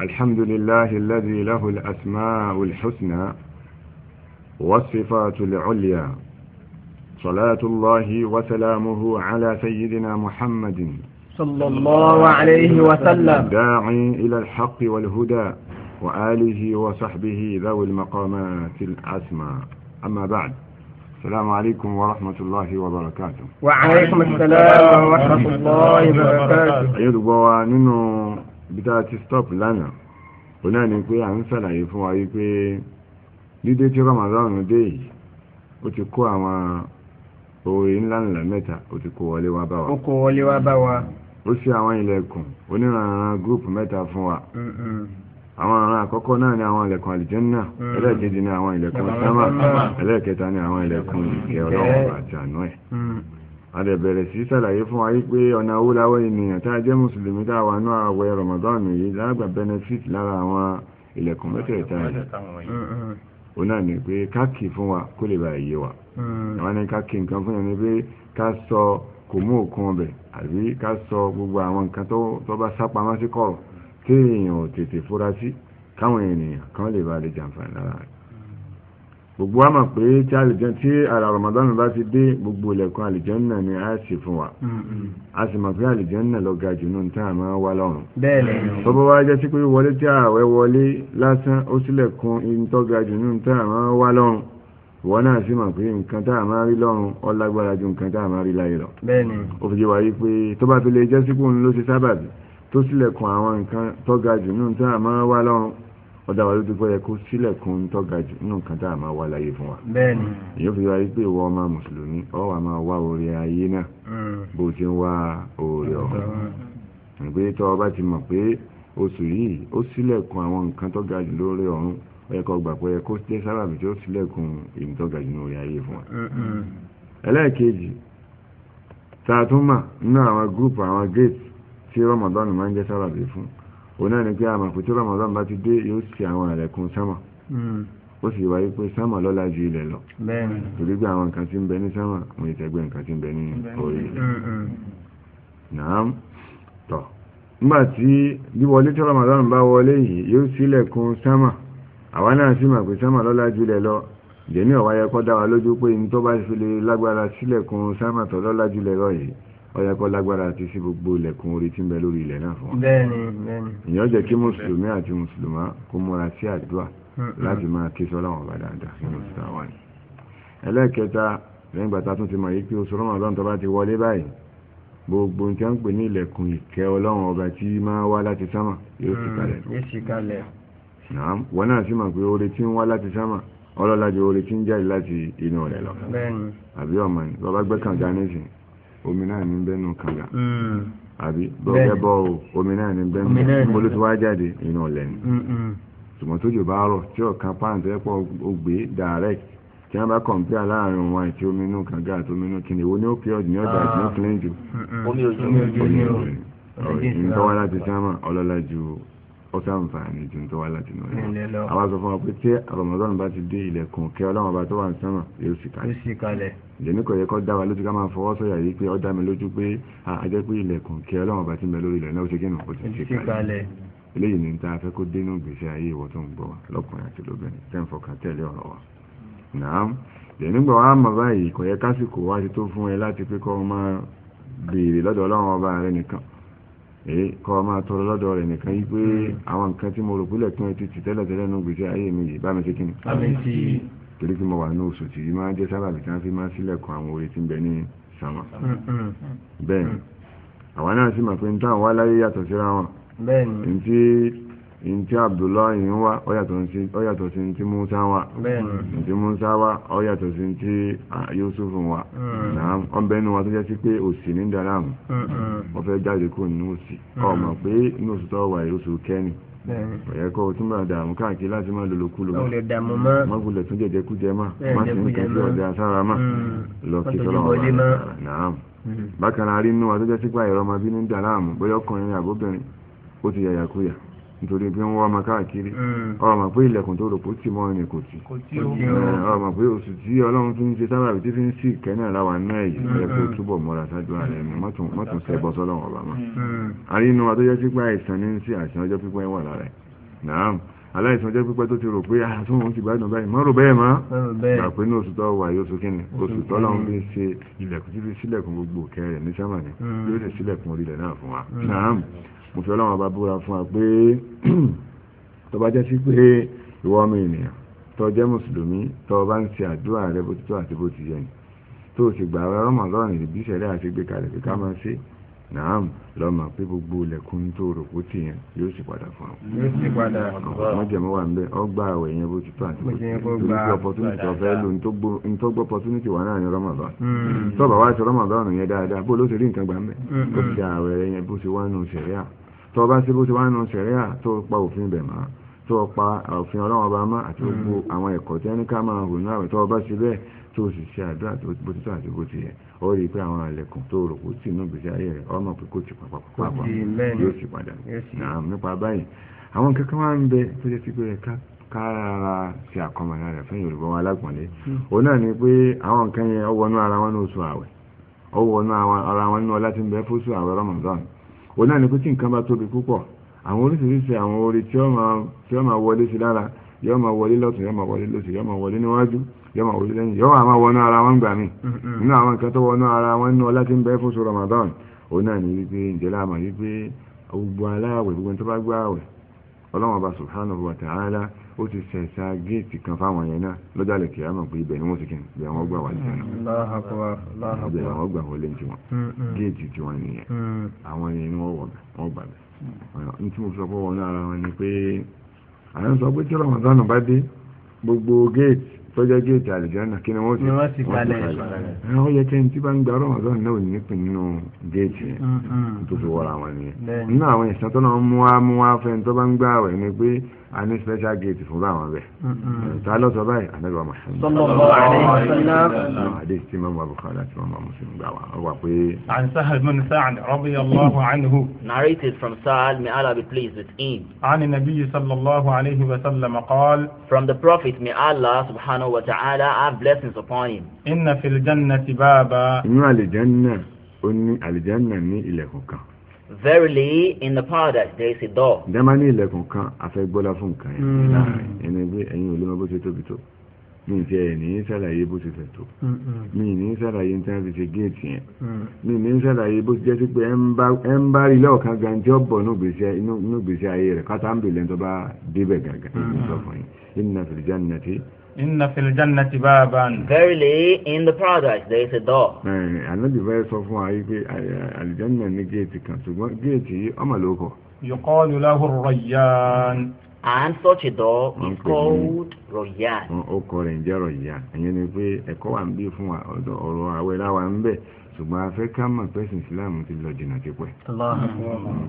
الحمد لله الذي له الأسماء الحسنى والصفات العليا صلاة الله وسلامه على سيدنا محمد صلى الله عليه وسلم داعي إلى الحق والهدى وآله وصحبه ذوي المقامات الأسمى أما بعد السلام عليكم ورحمة الله وبركاته وعليكم السلام ورحمة الله وبركاته أيضا ننو bita ti stop lana òun náà ni pé à ń ṣàlàyé fún wa wípé dídé tí Ramadan dé yìí ó ti kó àwọn oore ńláńlá mẹ́ta ó ti kó wọlé wá bá wa. ó kó wọlé wá bá wa. ó ṣí àwọn ilẹ̀kùn onírànran gúrùpù mẹ́ta fún wa àwọn ọ̀ràn àkọ́kọ́ náà ni àwọn ilẹ̀kùn àlìjẹ́nà mm. ẹlẹ́ẹ̀kejì ni àwọn ilẹ̀kùn mm. sámà mm. ẹlẹ́ẹ̀kẹta ni àwọn ilẹ̀kùn àdẹ̀bẹ̀rẹ̀ sí sàlàyé fún wa wípé ọ̀nà owó láwọ́ ènìyàn tá a jẹ́ mùsùlùmí tá a wà ní àwẹ̀ Ramadan yìí lágbà benefit lára àwọn ilẹ̀kùn mẹ́tẹ̀ẹ̀ta yìí ó náà ní pé káàkì fún wa kó lè bá yé wa àwọn mm. ní káàkì nǹkan fún yẹn ni pé ká sọ kò mú òkun ọbẹ̀ àbí ká sọ gbogbo àwọn nǹkan tó bá sápamọ́ sí kọ̀rọ̀ tí èèyàn ò tètè fura sí káwọn ènìyàn kan lè bá lè jàǹfààní lára rẹ̀ gbogbo wa mọ̀ pé tí àlìjẹ́ tí ara Ramadan bá ti dé gbogbo ilẹ̀kùn àlìjẹ́ náà ni a sì fún wa mm, mm. a sì mọ̀ pé àlìjẹ́ náà lọ ga jù nínú tá a máa wá lọ́rùn. tó bá wá jẹ́ sí pé wọlé tí ààwẹ̀ wọlé lásán ó sílẹ̀kùn ìtọ́ ga jù nínú tá a máa wá náà sì mọ̀ pé nǹkan tá a rí lọ́run ó ju nǹkan tá a rí láyé lọ. ó fi jẹ́ wáyé pé tó bá fi lè jẹ́ sípò ń ló ṣe sábàbí tó sílẹ̀kùn àwọn nǹkan tó ga jù nínú tá a máa ọdá wa lójú pé ẹkú sílẹ̀kùn tó ga jù nínú nǹkan tá a máa wá láyé fún wa. bẹ́ẹ̀ni. èyí fi wáyé pé ìwọ ọmọ mùsùlùmí ọ wà máa wá orí ayé náà mm. bó ti ń wá orí mm. ọ̀hún. ìpè tó o bá ti mọ̀ pé oṣù yìí ó sílẹ̀kùn àwọn nǹkan tó ga jù lórí ọ̀run ẹ̀kọ́ gbà pé ẹkú jẹ́ sábàbí tí ó sílẹ̀kùn èyí tó ga jù nínú orí ayé fún wa. ẹlẹ́ẹ̀kejì tààtúmà nínú àwọn gúrùpù àwọn géètì òun náà ni pé àmà kò tí Ramadan bá ti dé yóò ṣí àwọn àlẹ̀kùn sámà hmm. ó sì wáyé pé sámà lọ́lá ju ilẹ̀ lọ torí pé àwọn nǹkan tí ń bẹ ní sámà àwọn ìtẹ́gbẹ́ nǹkan tí ń bẹ ní orí nàám hmm, hmm. tọ̀ nígbà tí wíwọlé tí Ramadan bá wọlé yìí yóò ṣílẹ̀kùn sámà àwa náà sì mà pé sámà lọ́lá ju ilẹ̀ lọ jẹ́ ní ọ̀wáyẹ kọ́ dá wa lójú pé ní bá fi lè lágbára sílẹ̀kùn sámà tọ́lọ́lá ju ilẹ̀ lọ ọyẹ kọ lágbára àti sí gbogbo ilẹ̀kùn orí tí ń bẹ lórí ilẹ̀ náà fún wa. bẹ́ẹ̀ni bẹ́ẹ̀ni. ìyẹn jẹ́ kí mùsùlùmí àti mùsùlùmá kó múra sí àdúrà láti máa ké sọ́lá wọn bá dáadáa nínú ìta wa ni. ẹlẹ́ẹ̀kẹta lẹ́yìn gbàtà tún ti mọ̀ yí pé oṣù rọ́mọdún tó bá ti wọlé báyìí gbogbo nǹkan ń pè ní ilẹ̀kùn ìkẹ́ ọlọ́run ọba tí máa wá láti sámà yóò sì kalẹ̀. yóò sì kalẹ̀. tí ń jáde láti inú rẹ̀ lọ. àbí ọmọ ni bàbá gbẹ́kànga nísìnyí omi náà ní bẹ́nu kànga mm. àbí bọ́ọ̀gẹ́ bọ́ọ̀ omi náà ní bẹ́nu mo ló ti wá jáde inú ọ̀lẹ̀ ni mm, mm. ṣùgbọ́n tójò bá rọ̀ tí ọ̀kan páǹtì ẹ̀pọ̀ ògbé direct tí wọ́n bá kọ̀m̀píà láàrin wọn àti omi inú kànga àti omi inú kìnìún wo ni ó pè ọ̀dì ní ọ̀dà àti ní kílẹ̀ jù ah. omi ojú ni ó ń tọ́wọ́ láti sámà ọlọ́lá ju ó sàǹfààní ju tó wá láti náà lọ àwọn sọ fún wa pé tí Ramadan bá ti dé ilẹ̀kùn kẹ́ ọlọ́run bá tó wà ní sánmà yóò sì kalẹ̀ ìjẹ́ni kò yẹ kó dá wa lójú ká máa fọwọ́ sọ̀yà yìí pé ó dá mi lójú pé àjẹ́ pé ilẹ̀kùn kẹ́ ọlọ́run bá ti mẹ́ lórí ilẹ̀ náà ó ṣe kí nù ó ti sì kalẹ̀ eléyìí ní ta fẹ́ kó dénú gbèsè ayé ìwọ tó ń gbọ́ wa lọ́kùnrin àti lóbìnrin tẹ́ ń fọkàn tẹ̀lé ọ̀rọ̀ wa nàám ìdẹ̀nígbà wa mọ̀ báyìí kò yẹ kásìkò wá ti tó fún ẹ láti pé kó máa béèrè lọ́dọ̀ ọlọ́run ọba rẹ nìkan kọ́ ọ máa tọrọ lọ́dọ̀ rẹ̀ nìkan yí pé àwọn nǹkan tí mo rò pílẹ̀ tí wọ́n ti ti tẹ́lẹ̀ tẹ́lẹ̀ nù gbèsè ayé mi yìí bá mi ṣe kí ni. torí kí mo wà ní oṣù tí máa jẹ́ sábàbí tí wọ́n fi máa sílẹ̀kùn àwọn orí tí ń bẹ ní sàmà. Mm-hmm. bẹ́ẹ̀ àwa náà sì mọ̀ pé ní táwọn wá láyé yàtọ̀ síra wọn. bẹ́ẹ̀ ni ntí abdullahi ń wá ó yàtọ̀ sí nti musa wa ntí musa wa sí nti yusuf wa na wọn bẹ wa tó jẹ́ sí pé òsì ní dàrámù wọn hmm, hmm. fẹ́ jáde kó nínú òsì ọmọ hmm. pé inú òsì tó wà yóò sùn kẹ́ni ọ̀yẹ́ kọ́ tún bá dààmú káàkiri láti lòlò kúlò má tún kú má má sì ń asára má lọ kí bákan náà nítorí pé ń wá ọmọ káàkiri mm. ọmọ pé ilẹ̀kùn tó rò pé ó tì mọ́ ẹni kò tì ọmọ pé oṣù tí ọlọ́run fi ń ṣe sábàbí tí fi ń sì kẹ́nà láwa náà yìí ẹ kó túbọ̀ mọ́ra ṣáájú ààrẹ mi mọ́tún sẹ́bọ̀ sọ́lọ́run ọba mọ́ àrínú adójọ́ pípẹ́ àìsàn ní sí àìsàn ọjọ́ pípẹ́ wà lára ẹ̀ náà aláìsàn ọjọ́ pípẹ́ tó ti rò pé àtúnwò ah, ti gbádùn báyìí mọ́rò bẹ́ẹ̀ mọ́ gbà pé mo fi ọlọ́run ọba búra fún wa pé tó bá jẹ́ sí pé ìwọ ọmọ ènìyàn tó jẹ́ mùsùlùmí tó bá ń ṣe àdúrà rẹ bó ti tó àti bó ti yẹ ni tó o sì gbà Ramadan ìbí ìṣẹ̀lẹ̀ àti gbé kalẹ̀ pé ká máa ṣe naam lọ́mọ pé gbogbo ilẹ̀kùn tó rò kó tì yẹn yóò sì padà fún ọ. yóò sì padà fún ọ. wọ́n jẹ̀mọ́ wà níbẹ̀ ọ gba àwẹ̀ yẹn bó ti tó àti bó ti yẹn torí pé opportunity ọ̀fẹ́ lò ń tó gbọ́ opportunity wà náà ní Ramadan. Hmm. tọ́ba wa ṣe Ramadan yẹn dáadáa bó ló ṣe rí nǹkan gbà ń bẹ̀. Hmm. ó ti àwẹ̀ yẹn bó ṣe wá nù sẹ̀ríà tó bá sí bó ti wá nù sẹ̀ríà tó pa òfin bẹ̀ máa tó pa òfin ọlọ́wọ́ bá má àti hmm. gbogbo àwọn ẹ̀kọ́ tí ẹni ká máa hù ní àwẹ̀ tó bá sí bẹ́ẹ̀ tó sì ṣe àdúrà tó bó ti tó àti bó ti yẹ ó rí i pé àwọn àlẹ̀kùn tó rò kó tì ní ìgbésí ayé rẹ̀ ọmọ pé kó ti pàpàpàpà yóò sì padà nípa báyìí àwọn kankan wá ń bẹ tó jẹ́ sí pé ẹ̀ka kára ṣe àkọmọ̀nà rẹ̀ fún yorùbá wọn alágbọ̀nlé hmm. òun náà ni pé àwọn nǹkan yẹn ọwọ́nú ara wọn ní oṣù àwẹ̀ ọwọ́nú ara wọn ní ọlá tí ń bẹ fóṣù àwẹ̀ rọmọdọ́nù òun náà ni pé tí nǹkan bá tóbi púpọ̀ àwọn oríṣiríṣi àwọn orí tí ó máa wọlé sí lára yóò máa wọlé lọ́tún yóò máa wọlé lọ́tún yóò máa wọlé níwájú yóò máa wọlé lẹ́yìn yóò máa wọnú ara wọn gbà mí nínú àwọn nǹkan tó wọnú ara wọn nínú ọlá tí ń bẹ fún Ramadan òun náà ni wípé ìjẹ́lá àmọ̀ wípé gbogbo aláàwẹ̀ gbogbo tó bá gbáwẹ̀ ọlọ́wọ́n ọba subhanahu wa ta'ala ó ti sẹ̀sà géètì kan fáwọn yẹn náà lọ́jọ́ àlẹ́ kìí àmọ̀ pé ibẹ̀ ni wọ́n ti kí ibẹ̀ wọ́n gbà wá sí ẹ̀nà ibẹ̀ wọ́n gbà wọlé ti wọn mm, mm. géètì ti wọn nìyẹn mm. àwọn yẹn ni wọ́n wọ̀ bẹ̀ wọ́n gbà bẹ̀ ní tí mo sọ pé náà ara wọn ni pé à ń sọ pé tí Ramadan bá dé gbogbo géètì tó jẹ́ géètì àlìjáná kí ni wọ́n ti wọ́n ti kalẹ̀ ẹ̀ ọ yẹ kí n tí bá ń gba rọmọdún náà ní pin nínú géètì yẹn mm, mm. tó fi wọra wọn nìyẹn nínú àwọn ìsàn tó náà mú wá mú wá fẹ́ tó bá ń gbà wẹ̀ ni pé عن نسبة جيدة في مضاعمة بيه يعني تعالى صباحي احنا جوا محمد صلى الله عليه وسلم حديث امام ابو خالات امام مسلم دعوة الوقوي عن سهل بن سعد رضي الله عنه narrated from سعد may Allah be pleased with him عن النبي صلى الله عليه وسلم قال from the prophet may Allah subhanahu wa ta'ala have blessings upon him ان في الجنة بابا ان الجنة ان الجنة ني الهكا verily in the paradise there is a door. dama ní ilẹ̀kùn kan afẹ́gbọ́lá fún nǹkan yẹn hmm. láàrin ẹni pé ẹ̀yin bó ṣe tóbi tó mi ti ẹ̀ ní sàlàyé bó ṣe fẹ̀ tó hmm. mi ní sàlàyé ní tẹ́lá ṣe géètì yẹn hmm. mi ní sàlàyé bó ṣe jẹ́ sí pé ẹ ń bá rí lọ́ọ̀kan gan tí ó bọ̀ gbèsè ayé rẹ̀ kátà ń bèlè tó bá débẹ̀ gàgà ìgbésọ̀ fún yín inna fil jannati inna fil jannati baaban. verily in the paradise there is a door. Eh, ànábì báyìí sọ fún wa yìí pé eh, àlìjánná ní géètì kan ṣùgbọ́n géètì yìí ọmọ ló kọ. yuqalu lahu rayyan. and such a door is called rayyan. ó kọ rẹ̀ ń jẹ́ rayyan ìyẹn ni pé ẹ̀kọ́ wa ń bí fún wa ọ̀rọ̀ àwẹ̀ láwa ń bẹ̀ ṣùgbọ́n a fẹ́ ká mọ̀ pẹ́sìn ìsìláàmù ti lọ jìnà ti pẹ́.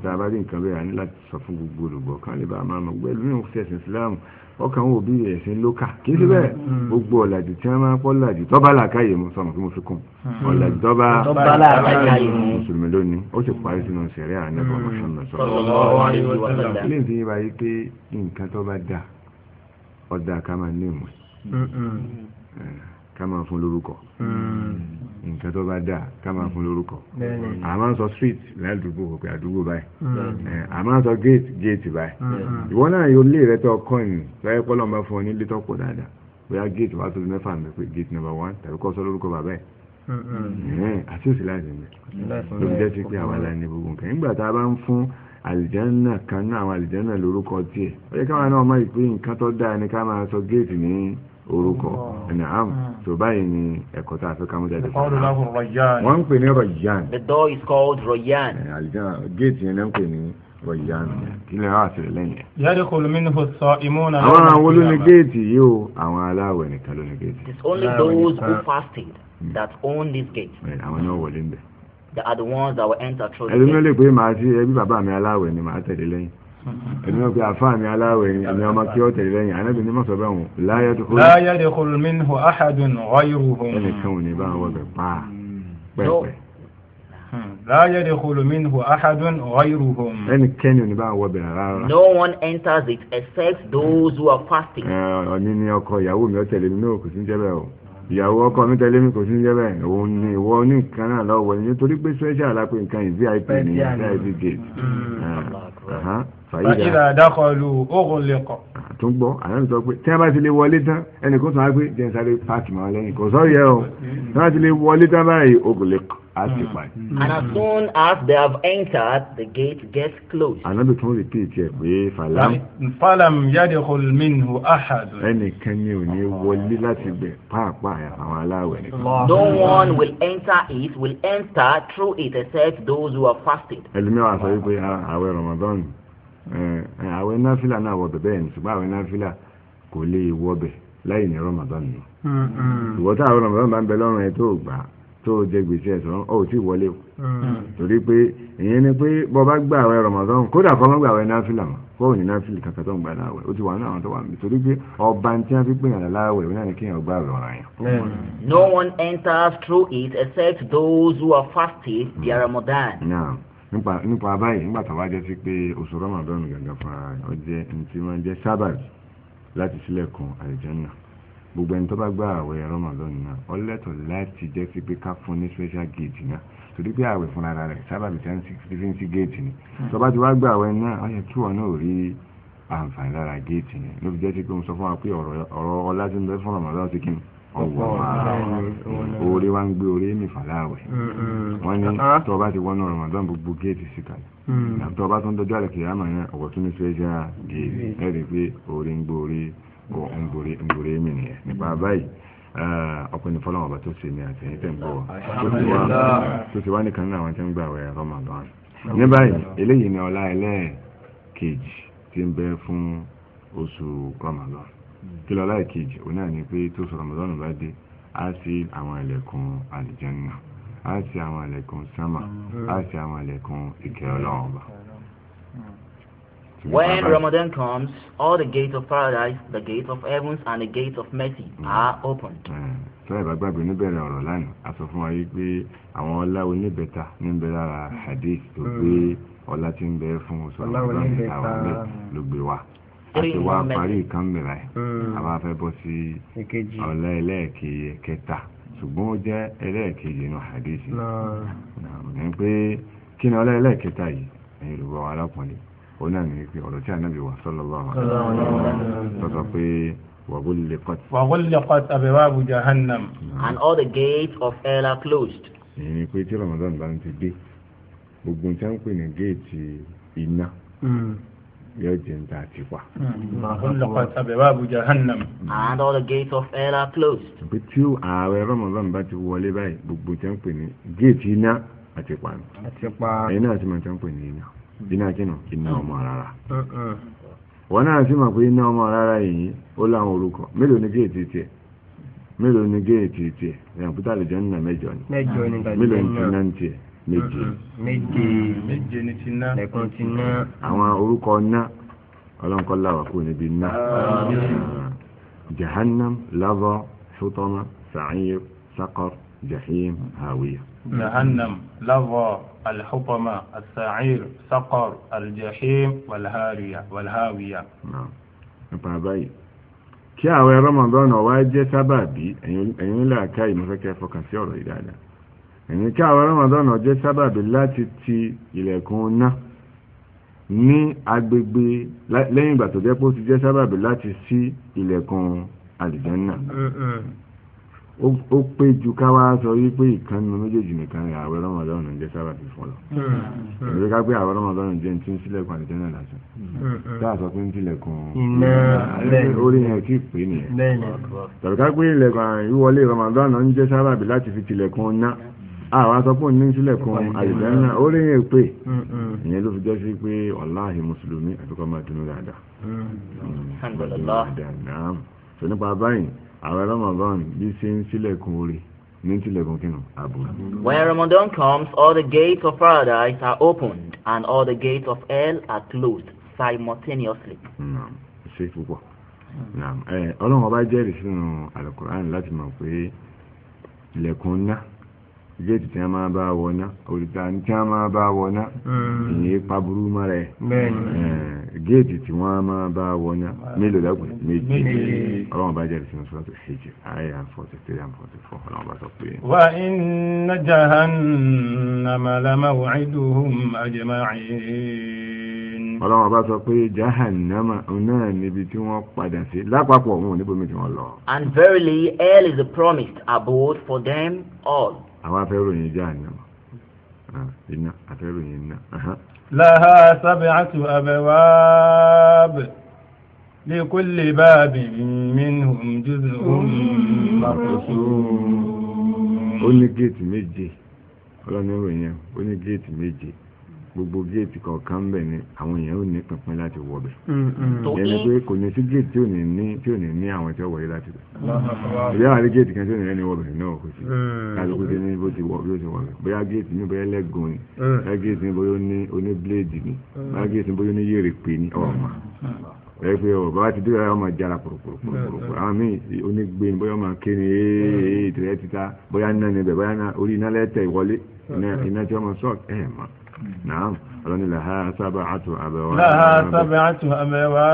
tá a bá dín nǹkan bẹ́ẹ̀ a ní láti sọ fún gbogbo olùgbọ́ kan lè bá a máa mọ̀ gbẹ́lú ní òun ṣẹ̀sìn ìsìláàmù ọkàn wò bí ẹ̀sìn lókà kì í sí bẹ́ẹ̀ mm, mm. gbogbo ọ̀làjì tí wọ́n máa ń pọ́ ọ̀làjì tọ́ba làákàyè mu sọ̀rọ̀ tí mo fi kún mm. ọ̀làjì tọ́ba làákàyè mu mùsùlùmí lónìí ó sì parí sínú sẹ̀rẹ́ ànẹ́bọ̀ mọ̀ṣánná sọ̀rọ̀ ilé ìdí yìí báyìí pé nǹkan tọ́ba dà ọ̀dà ká máa ní ìmọ̀ eh ká máa fún lórúkọ hmm. nǹkan tó bá dáa ká máa fún lórúkọ a máa ń sọ street ládùúgbò òpè àdúgbò báyìí hmm. eh, a máa ń sọ gate gate báyìí hmm. ìwọ náà yóò lé rẹ tó kọ́yìn lọ́yẹ́ pọ́lọ́ bá fún ọ ní létọ́ pọ̀ dáadáa bóyá gate wàá tó di mẹ́fà mi pé gate number one tàbí kọ́ sọ lórúkọ bàbá ẹ̀ eh, àti òsì láti ẹ̀ ló jẹ́ sí pé àwa la ní gbogbo nǹkan nígbà tá a bá ń fún àlìjánà kan náà àwọn àlìjánà lórúkọ tiẹ̀ ó yẹ káwọn náà máa ì orúkọ ẹ̀nàám tó hmm. báyìí ni ẹ̀kọ́ tá a fẹ́ ká jáde fún wa. wọ́n ń pè ní rọ̀yàn. the door is called rọ̀yàn. Eh, àlìjáná géètì yẹn ló ń pè ní rọ̀yàn kí lè wá àṣírí lẹ́yìn. yàrá kò lómi ní sọ imú náà. àwọn àwọn ló ní géètì yìí o àwọn aláwẹ̀ nìkan ló ní géètì. it's only those who fasted that own this gate. Hmm. Eh, àwọn náà wọlé ń bẹ̀. they are the ones that will enter through the gate. ẹlòmíràn lè pé màá sí ẹbí bàbá mi aláwẹ̀ ni màá tẹ̀lé lẹ́yìn ẹni wọn pe àfáàní aláwẹ̀ ni ẹni ọmọ kí ọ tẹ̀lé lẹ́yìn anábì ní mọ̀sọ̀ bẹ́ẹ̀ wọn láyé tó kúrò. láyé tó kúrò min hu ahadun ghayruhum. ẹnìkan ò ní bá wọn bẹ̀ pa pẹ́pẹ́. Hmm. láyé tó kúrò min hu ahadun ghayruhum. ẹnìkẹ́ni ò ní bá wọn bẹ̀ rárá. no one enters it except those who are fasting. ọ̀ní ni ọkọ ìyàwó mi ọ tẹ̀lé mi náà kò sí jẹ́ o ìyàwó ọkọ mi tẹ̀lé mi kò sí jẹ́ òun ni ìwọ ní nǹkan náà lọ́wọ́ nítorí pé special alápè nǹkan yìí vip ní vip gate. Hmm fàyídà dákọlù ogun lè kọ. tó ń gbọ́ àná sọ pé tí wọ́n bá ti lè wọlé tán ẹnì kan tó wá pé jẹ́ sáré páàkì máa lẹ́yìn kò sọ́ọ́ yẹ o tí wọ́n bá ti lè wọlé tán báyìí ogun lè kọ́ á sì pa. and as soon as they have entered the gate gets closed. àná mi tún repeat ẹ pé falam. falam yadkhul minhu ahad. ẹnìkan ni ò ní wọlé láti bẹ̀ pàápàá àwọn aláwẹ̀ nìkan. no one will enter it will enter through it except those who are fasting. ẹlòmíràn sọ wípé ah, àwẹ̀ Ramadan. Eh, àwẹ̀ náfìlà náà wọbẹ̀ bẹ́ẹ̀ ni ṣùgbọ́n àwẹ̀ náfìlà kò lè wọbẹ̀ láì ní Ramadan nù. ìwọ tá àwọn Ramadan bá ń bẹ lọ́rùn ẹ tó gbà tó jẹ gbèsè ẹ̀ sọ̀rọ̀ ọ̀ tí wọlé mm-hmm. torí pé ìyẹn ni pé bọ́ bá gba àwẹ̀ Ramadan kódà kọ́ mọ́ gba àwẹ̀ náfìlà mọ́ fọ́ọ̀ ní náfìlì kankan tó ń gba láwẹ̀ ó ti wà náà tó wà mí torí pé ọba tí wọ́n fi pè yàn láwẹ̀ ó ní kéèyàn gbà lọ́ra yàn. Mm-hmm. No one enters through it except those who are fasting their Ramadan. Naam nípa báyìí nígbà tó wá jẹ́ sí pé oṣù Ramadan gàgà fara rẹ̀ ọ jẹ́ ní tí máa jẹ́ sábàbí láti ṣílẹ̀kùn àlìjẹ́nà gbogbo ẹni tó bá gba àwẹ̀ Ramadan náà ọ lẹ́tọ̀ láti jẹ́ sí pé ká fún ní special gate náà torí pé àwẹ̀ fúnra rẹ̀ sábàbí ten sixteen sí gate ni tó bá ti wá gba àwẹ̀ náà ọ yẹ kí wọn náà rí àǹfààní lára gate yẹn ló fi jẹ́ sí pé mo sọ fún wa pé ọ̀rọ̀ ọlá orí wa ń gbé orí mi fàláwẹ̀ wọ́n ní ah. tọ́ bá ti wọnú Ramadan gbogbo géètì sí kalẹ̀ mm. tó ń dọjọ́ yẹn tún ní ẹ̀rí pé orí ń gbórí ń gbórí mi nìyẹn nípa mm. báyìí eh, ọ̀pọ̀ ní ọba tó ṣe ní àtẹ̀yìn tẹ̀ ń bọ̀ tó ti wá nìkan nínú àwọn tẹ́ ń gbà wẹ̀ Ramadan ní báyìí eléyìí ni ọlá ẹlẹ́ẹ̀kejì ti ń bẹ fún oṣù Ramadan kílọ̀ láìkejì òun náà pé tó sọ Ramadan bá dé á sí àwọn ẹlẹ́kùn àlìjẹ́nà á sí àwọn ẹlẹ́kùn sámà á sí àwọn ẹlẹ́kùn ìkẹ́ When Ramadan comes, all the gates of paradise, the gates of heavens, and the gates of mercy are opened. Sọ́yà mm. ìbágbàgbé mm. níbẹ̀rẹ̀ ọ̀rọ̀ lánàá, a sọ fún wa yí pé àwọn ọlá oníbẹ̀ta níbẹ̀ lára hadith tó gbé mm. ọlá tí ń bẹ fún oṣù Ramadan ní àwọn ọlẹ́ ló gbé wa àti wá parí ìkan mìíràn mm. a bá fẹ́ bọ́ sí ọ̀la ẹlẹ́ẹ̀kejì kẹta ṣùgbọ́n ó jẹ́ ẹlẹ́ẹ̀kejì inú hadithi ní pé kí ni ọ̀la ẹlẹ́ẹ̀kẹta yìí ẹ̀yin olùgbọ́ alákùnrin ó náà ní pé ọ̀rọ̀ tí ànábì wa sallallahu alaihi wasallam sọ pé wàgúlẹ̀kọ́t. wàgúlẹ̀kọ́t abwabu jahannam. and all the gates of hell are closed. èyí pé tí Ramadan bá ń ti dé gbogbo nǹkan pè ní géètì iná mm yóò jẹ́ níta ti pa. and all the gates of hell are closed. pé tí ààrẹ rọmọlọmọ bá ti wọlé báyìí gbogbo tí wọ́n pè ní géètì iná àti pa ni. ẹ̀yin náà sì máa tí wọ́n pè ní iná iná kínú iná ọmọ rárá. wọ́n náà sì máa pé iná ọmọ rárá yìí ó láwọn orúkọ mélòó ni géètì tiẹ̀ mélòó ni géètì tiẹ̀ ìyàpútà lè jẹ́ nínà mẹ́jọ ni mélòó ni iná tiẹ̀. Mhm. méje méje ní ti ná ẹ̀kan ti ná àwọn orúkọ ná ọlọ́nkọ́ làwà kú níbi ná ah, jahannam lava hutama sa'ir sakar jahim hawiya. jahannam lava alhutama sa'ir sakar aljahim walhawiya. nípa báyìí kí àwọn Ramadan náà wá jẹ́ sábàbí ẹ̀yin làákàyè mo fẹ́ kẹ́ fọkàn sí ọ̀rọ̀ yìí dáadáa ẹ̀yìn kí àwọn Ramadan jẹ́ sábàbí láti ti ilẹ̀kùn náà ní agbègbè lẹ́yìn ìgbà tó jẹ́ pé ó ti jẹ́ sábàbí láti sí ilẹ̀kùn àlìjẹ́nà ó pé ju ká wá sọ wípé ìkànnì méjèèjì nìkan rẹ̀ àwẹ̀ Ramadan jẹ́ sábàbí fún lọ ìrírí hmm. ká pé àwẹ̀ Ramadan jẹ́ ti ń sílẹ̀kùn àlìjẹ́nà lásán hmm. tá a sọ pé ń tilẹ̀kùn orí yẹn kì í nìyẹn tàbí ká pé ilẹ̀kùn ìwọlé Ramadan ń jẹ́ sábàbí láti fi tilẹ̀kùn náà Ah, àwọn asọ́pọ̀ ní sílẹ̀ kan àlùjánnà ó rí yẹn pé mm, mm. ìyẹn ló fi jẹ́ sí pé wàláhì mùsùlùmí àfikọ́ máa dunu dáadáa. Mm. alhamdulillah. nípa báyìí àwọn Ramadan bí ṣe ń sílẹ̀kùn orí ní sílẹ̀kùn kínú ààbò. when Ramadan comes all the gates of paradise are opened and all the gates of hell are closed simultaneously. ṣe púpọ̀ ọlọ́run ọba jẹ́rìí sínú al láti mọ̀ pé ilẹ̀kùn náà géètì tí a máa bá wọná òrìta tí a máa bá wọná hmm. ìyẹn paburú mọ́ra ẹ̀ eh, géètì tí wọ́n máa bá wọná mélòó lẹ́kùn méjì ọlọ́run bá jẹ́ ìsinmi sọ́tò ṣèjì àyà forty three and forty four ọlọ́run bá sọ pé. wa inna jahannama lamaw'iduhum ajma'in. ọlọ́run bá sọ pé jahannama náà níbi tí wọ́n padà sí lápapọ̀ òun ò níbo mi tí wọ́n lọ. and verily hell is a promised abode for them all àwọn afẹ́ròyìn jẹ́ àná iná afẹ́ròyìn iná. laha sab'atu abwab li kulli babin minhum juz'un maqsum. ó ní géètì méje ọlọ́run ìròyìn ó ní géètì méje gbogbo géètì kọ̀ọ̀kan bẹ̀ ni àwọn èèyàn ò ní pínpín láti wọ bẹ̀. Mm-hmm. ẹni pé kò ní sí géètì tí ò ní ní tí ò ní ní àwọn tí ó wọlé láti bẹ̀. ìyá àrí géètì kan tí ò ní lẹ́ni wọ bẹ̀ náà kò sí. Mm. kálukú ti ní bó ti wọ bí ó ti wọ bẹ̀. bóyá géètì ní bóyá lẹ́gùn ni mm. bóyá géètì ní bóyá oní bíléèdì mm. ni bóyá géètì ní bóyá oní yèrèpè ni ọ̀ma ẹ pé ọ bàbá ti dúró ọmọ jara pòròpòròpòròpò àwọn míì onígbé bóyá ọmọ kéne ee tìrẹ títa bóyá náà níbẹ̀ bóyá orí iná lẹ́tẹ̀ ìwọlé iná tí ọmọ sọ́ọ̀kì ẹ̀ máa náà ọlọ́ni làhá sábàátù àbẹ̀wá. làhá sábàátù àbẹ̀wá.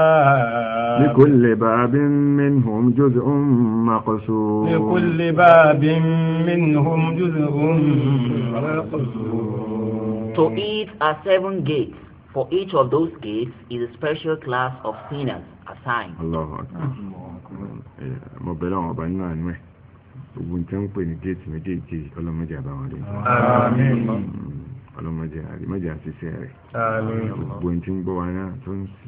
li kulli bābin minhum juz'un maqsūr. li kulli bābin minhum to it are seven gates. For each of those gates is a special class of sinners assigned. Allahu Akbar. Mo bẹ̀rẹ̀ àwọn ọba nínú àánú ń pè ní géètì méjèèjì ọlọ́mọdé àbáwọn ọdẹ. Àmín ọlọ́mọdé àrímọ́jà àṣìṣe rẹ̀ gbogbo ẹni tí ń gbọ́ wa náà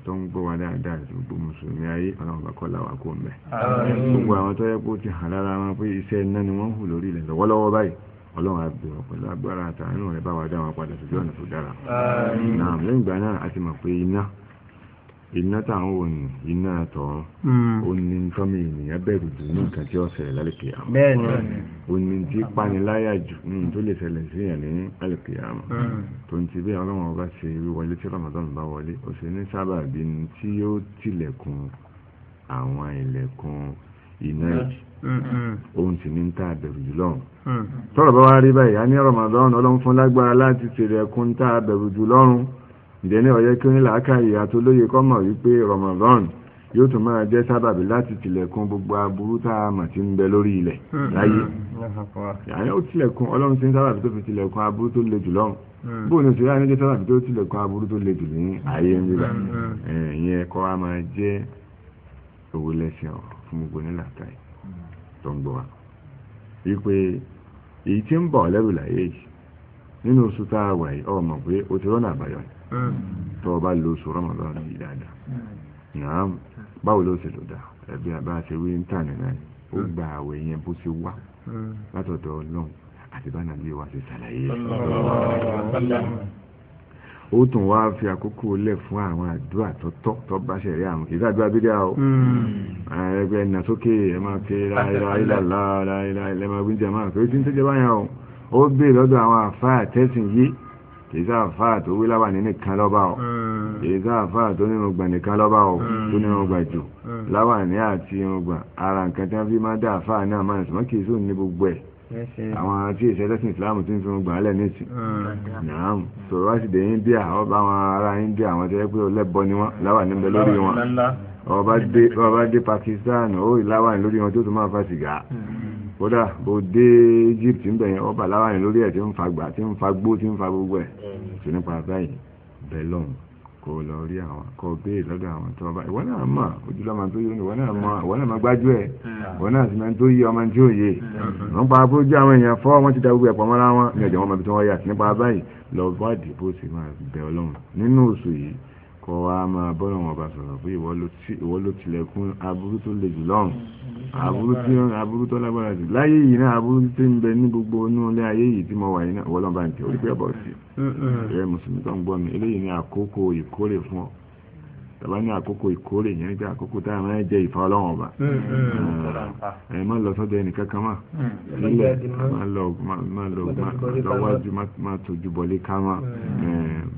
tó ń gbọ́ wa dáadáa àti gbogbo mùsùlùmí ayé ọlọ́run bá kọ́ làwà kó mẹ́. gbogbo àwọn tó yẹ kó ti hàn lára wọn pé iṣẹ́ iná ni wọ́n ń hù lórí ilẹ̀ lọ́wọ́lọ́wọ́ báyìí ọlọ́run á bẹ̀rẹ̀ pẹ̀lú agbára àtàánú rẹ̀ bá wa dá wọn padà sójú ọ̀nà tó dára. náà lẹ́yìn ìgbà náà a ti mọ̀ pé iná iná táwọn wò ní iná tọ̀run hmm. ó ní tọ́mì ènìyàn bẹ̀rù jù ní nǹkan tí ó ṣẹlẹ̀ lálẹ́kẹ̀ àmọ́ ó ní tí paniláyà jù ní tó lè ṣẹlẹ̀ sí yàn ní lálẹ́kẹ̀ àmọ́ hmm. tó ń ti bí ọlọ́run ọba ṣe wíwọlé tí Ramadan bá wọlé ó ṣe ní sábàbí tí yóò tilẹ̀kùn àwọn ilẹ̀kùn iná yìí hmm. ohun sì ní tá a bẹ̀rù jùlọ. tọ́rọ̀ bá wá rí báyìí a ní Ramadan ọlọ́run fún lágbára láti ṣèrè ẹ̀kún tá a bẹ̀rù jùlọ́run ǹjẹ́ ní ọ̀yẹ́ kí onílà áká ìyá tó lóye kọ́ mọ̀ wípé Ramadan yóò tún máa jẹ́ sábàbí láti tilẹ̀kùn gbogbo aburú tá a mọ̀ tí ń bẹ lórí ilẹ̀ hmm. láyé hmm. hmm. àyẹ̀ ó tilẹ̀kùn ọlọ́run ti ń sábàbí tó fi tilẹ̀kùn aburú tó le jùlọ bó ní sèré àníjẹ́ sábàbí tó tilẹ̀kùn aburú tó le jù ní ayé ń bíbá ìyẹn kọ́ a máa jẹ́ òwe lẹ́sìn ọ̀ fún gbogbo nílà káyì tó ń gbọ́ wa wípé èyí tí ń bọ̀ lẹ́rù láyé yìí nínú oṣù tá a wà yìí ọmọ pé o ti rọ́nà àbáyọ hmm. tó o bá lo oṣù Ramadan yìí dáadáa nàám hmm. hmm. báwo ló ṣe lò dá ẹbí àbá ṣe wí ń tàn nínú ẹ ó gba àwẹ̀ yẹn bó ṣe wá látọ̀dọ̀ Ọlọ́run àti bá nàbí wa ṣe ṣàlàyé ó tún wá fi àkókò lẹ̀ fún àwọn àdúrà tó tó bá ṣe rí àwọn ìdá àdúrà bídíà o ẹgbẹ́ ẹ̀nà sókè ẹ máa fi láìláìlá láìláìlá ẹ máa gbíjẹ máa fi ó ti ń tẹ́jẹ́ báyà o ó bè lọ́dọ̀ àwọn àfáà tẹ́sìn yìí kìí sáà àfáà tó wí láwà nínú kan lọ́ba o hmm. kìí sáà àfáà tó nínú gbà nìkan lọ́ba o hmm. tó nínú gbà jù hmm. láwà ní àti irun gbà ara nǹkan tí wọ́n fi máa dá àfáà náà máa sùn kìí sóun ní gbogbo ẹ̀ àwọn tí ìṣẹ́ lẹ́sìn ìsìláàmù tí ń fi gbà lẹ̀ ní ìsìn náà sọ̀rọ̀ wá sì dé India ọba àwọn ará India àwọn tẹ́lẹ̀ pé ọlẹ́bọ ni wọ́n láwà níbẹ̀ lórí wọn ọba dé Pakistan ó ìláwà lórí wọn tó tún máa fa sìgá kódà bó dé Egypt ń bẹ̀yẹn ọba láwàyàn lórí ẹ̀ tí ń fa gbà tí ń fa gbó tí ń fa gbogbo ẹ̀ tó mm. nípa báyìí bẹ́ẹ̀ lọ́hùn kó lọ rí àwọn kó béèrè lọ́dọ̀ àwọn tó ọba ìwọ náà mọ̀ ojúlọ́ máa tó yé ìwọ náà mọ̀ ìwọ náà máa gbájú ẹ̀ mm. ìwọ náà sì máa tó yé ọmọ tí ò yé mm. wọ́n pa abójú àwọn èèyàn fọ́ wọ́n ti da gbogbo ẹ̀pọ̀ mọ́ra wọn ní ọ̀jọ̀ wọn máa tí wọ́n yà sí nípa báyìí lọ bá dìbò sí máa bẹ ọlọ́run nínú oṣù yìí kọ́ wa máa bọ́lọ̀ wọn bá sọ̀rọ̀ pé ìwọ ló tilẹ̀kùn aburú tó le jù lọ́rùn aburú tí aburú tó lágbára jù láyé yìí náà aburú tí ń bẹ ní gbogbo inú ilé ayé yìí tí mo wà yìí náà wọ́lọ́ba ń tẹ orí pé ọ̀bọ̀ sí i ẹ̀ mùsùlùmí tó ń gbọ́ mi eléyìí ní àkókò ìkórè fún ọ tọ́ba ní àkókò ìkórè yẹn ní pé àkókò tá a máa jẹ ìfà ọlọ́wọ̀n ọba mm, mm. ẹ má lọ sọ́dọ̀ ẹnì kankan mà sílẹ̀ mm. má lọ má lọ lọ́wájú má tójú bọ́lé ká mà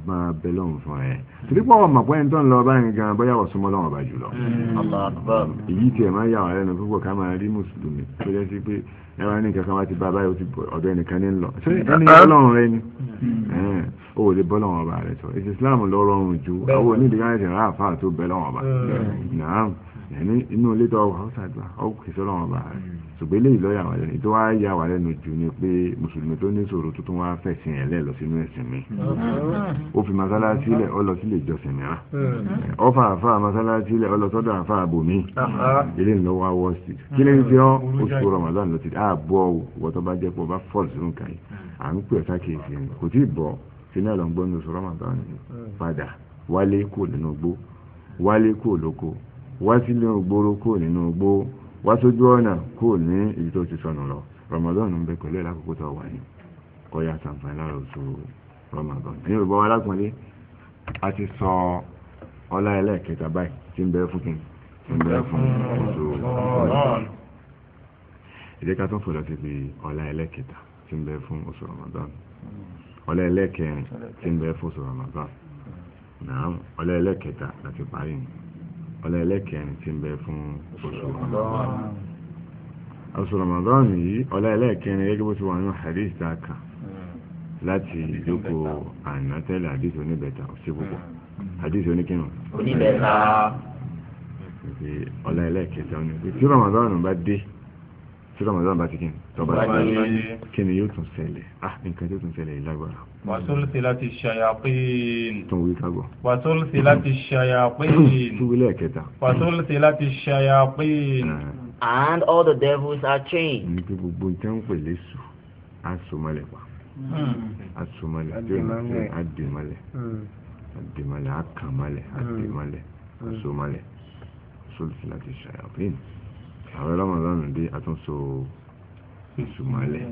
má bẹ lọ́hùn fún ẹ. torípọ̀ ọmọ pé ẹni tó ń lọ bá yẹn gan bóyá wọ́n súnmọ́ lọ́wọ́n ọba jùlọ. èyí tiẹ̀ máa yà wọ́n lẹ́nu púpọ̀ ká máa rí mùsùlùmí tó jẹ́ sí pé ẹ wá ní wá ti bá báyìí ó lè bọ́ lọ́wọ́ ọba rẹ̀ sọ èsì islam lọ rọrùn ju àwọn onídìí káyọ̀ tẹ̀ ráàfà tó bẹ̀ lọ́wọ́ ọba hmm. náà ẹni inú ilé tó ọkọ̀ ṣàdúrà ọkọ̀ kìí sọ́lọ́wọ́ ọba rẹ̀ hmm. ṣùgbọ́n eléyìí lọ́ọ́ yà wà lẹ́nu ètò wa yà wà lẹ́nu jù ni pé mùsùlùmí tó ní sòrò tuntun wa fẹ̀sìn ẹ̀ lẹ́ẹ̀ lọ sínú ẹ̀sìn mi hmm. ó fi masalasi lẹ̀ ọ lọ sí ilé ìjọsìn mìíràn ọfà àfà masalasi lẹ̀ ọ lọ sọ́dọ̀ àfà àbòmí ilé ńlọ wa wọ́ sí kí lè fi ọ́ oṣù Ramadan lọ sí àbọ̀ wọ́tọ́ bá jẹ́ pé ọba fọ́ọ̀lù sínú kàyí à ń pè ọ́ sákèéfì kò tí ì bọ̀ iná lọ ń gbọ́ ní oṣù Ramadan mm. padà wálé kò nínú gbó wálé kò lóko wá sílé ògbóró kò nínú gbó wá sójú ọ̀nà kò ní èyí tó ti sọnù lọ Ramadan ń bẹ pẹ̀lú ẹ̀ tó wà ní Ramadan a ti sọ ọlá ẹlẹ́ẹ̀kẹta báyìí tí ń bẹ fún ọlẹ́ẹ̀lẹ́kẹrin tí ń bẹ fún oṣù Ramadan naam ọlẹ́ẹ̀lẹ́kẹta láti parí ni ọlẹ́ẹ̀lẹ́kẹrin tí ń bẹ fún oṣù Ramadan oṣù Ramadan yìí ọlẹ́ẹ̀lẹ́kẹrin gẹ́gẹ́ bó ti wà nínú hadith dáka láti ìjókòó ànátẹ́lẹ̀ hadith oníbẹ̀ta ọ̀sẹ̀ púpọ̀ hadith oníkẹ́nu. oníbẹ̀ta. ọlẹ́ẹ̀lẹ́kẹta ni tí Ramadan bá dé tí ramadan bá ti kíni tọba kíni yóò tún ṣẹlẹ̀ ah nǹkan yóò tún ṣẹlẹ̀ yìí lágbára. wàtúrúsí láti ṣayàpín. tún wí kágbọ. wàtúrúsí láti ṣayàpín. tún wí lẹ́ẹ̀kẹta. wàtúrúsí láti ṣayàpín. Ah. and all the devils are chained. ní pé gbogbo nǹkan ń pè lẹ́sù á so mọ́lẹ̀ pa hmm. á so mọ́lẹ̀ tí ó dé mọ́lẹ̀ hmm. á dé mọ́lẹ̀ á kàn mọ́lẹ̀ á dé mọ́lẹ̀ á hmm. so mọ́lẹ̀ wàtúrúsí láti ṣayàpín àwọn Ramadan dé àtúnṣe èṣù mọ́lẹ̀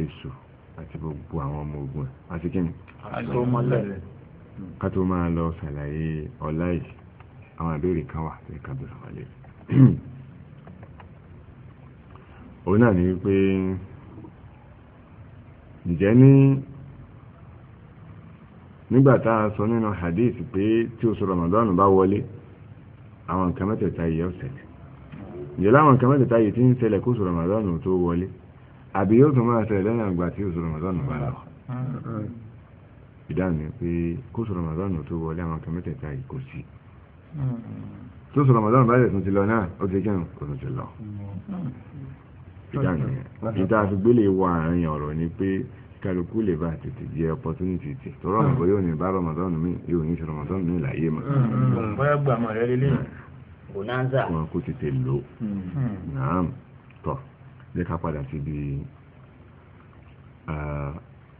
èṣù àti gbogbo àwọn ọmọ ogun àti kíni ká tó máa lọ ṣàlàyé ọlá yìí àwọn àbẹ́rẹ̀ kan wà ní kábẹ̀rẹ̀ wálé òun náà ni wípé ǹjẹ́ ní nígbà tá a sọ nínú hadith pé tí oṣù Ramadan bá wọlé àwọn nǹkan mẹ́tẹ̀ẹ̀ta yìí ọ̀sẹ̀ tẹ̀ yóò láwọn nǹkan mẹ́tẹ̀ẹ̀ta yìí ti ń ṣẹlẹ̀ kó oṣù Ramadan tó wọlé àbí yóò tún máa ṣẹlẹ̀ lẹ́yìn àgbà tí oṣù Ramadan bá lọ. ìdáhùn ni pé kó oṣù Ramadan tó wọlé àwọn nǹkan mẹ́tẹ̀ẹ̀ta yìí kò sí tó oṣù Ramadan bá lẹ̀ ti lọ náà ó ti kírun kò tún ti lọ. ìdáhùn ni ìta fi gbélé wọ àárín ọ̀rọ̀ ni pé kálukú lè bá tètè jẹ opportunity tì tọrọ àbọ̀ yóò ní bá Ramadan mi yóò ní ṣe Ramadan mi láyé mọ́. Mm, mm. bóyá gbàmọ̀ rẹ lélẹ́yìn bonanza. wọn kò tètè lò hmm. naam tọ jẹ́ ká padà sí bí ah,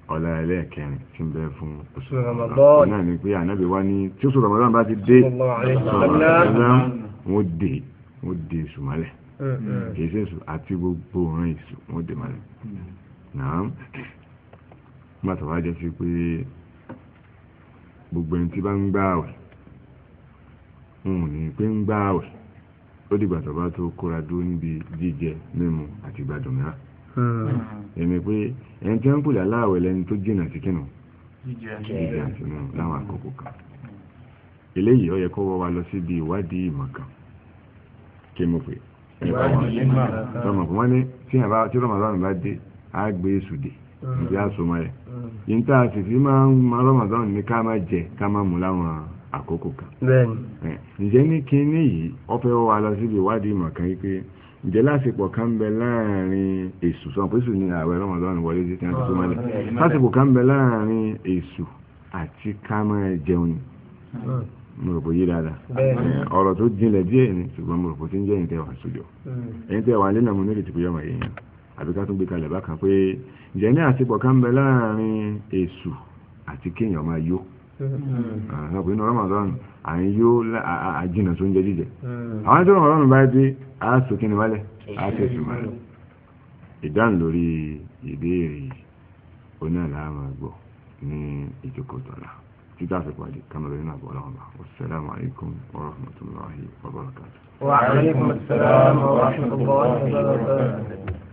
ọlá ẹlẹ́ẹ̀kẹrin tí ń bẹ fún oṣù ramadan náà ni pé ànábì wa ní tí oṣù ramadan bá ti dé wọ́n dé wọ́n dé èṣù hmm, hmm. kì í ṣe èṣù àti gbogbo òun èṣù wọ́n dé mọ́lẹ̀ naam nígbà tó wá jẹ́ sí pé gbogbo ẹni tí bá ń gbà wẹ̀ wọn ò ní pé ń gbá àwẹ̀ ó dìgbà tó bá tó kóra dúró níbi jíjẹ mímu àti ìgbádùn mìíràn hmm. ẹni pé ẹni tí wọ́n ń pè láláàwẹ̀ lẹni tó jìnà sí kínú jíjẹ àti mímu láwọn hmm. àkókò kan eléyìí ó yẹ kó wa lọ síbi ìwádìí ìmọ̀ kan kí mo pè tọmọ fún wọn ní tí Ramadan bá dé á gbé èsù dé níbi àsomọ́ ma yìí tá a sì fi máa ń Ramadan ní ká má àkókò kan. ǹjẹ́ ní kinní yìí ọ fẹ́ lọ síbi ìwádìí ìmọ̀ kan wípé ǹjẹ́ lásìkò kan ń bẹ láàrin èṣù sọ pé èṣù ni ààwẹ̀ rọmọdọ́n wọlé tí wọ́n ti tó mọ́lẹ̀ lásìkò kan ń bẹ láàrin èṣù àti ká máa ni mo rò pé yé dáadáa ọ̀rọ̀ tó jinlẹ̀ díẹ̀ ni ṣùgbọ́n mo rò pé tí ń jẹ́ tẹ́ wà àwọn ìpinnu Ramadan à ń yó àjìnà tó ń jẹ jíjẹ àwọn ìtọ́nà Ramadan bá dé a sòkè wálẹ̀ a wálẹ̀ ìdáhùn lórí ìbéèrè oníàlámà gbọ́ ní ìjókòtọ́lá títà fi pàdé kánàlẹ́ nínú àbọ̀ ọlọ́run bá wassalamu alaikum wa rahmatullahi wa barakatuh. wa alaikum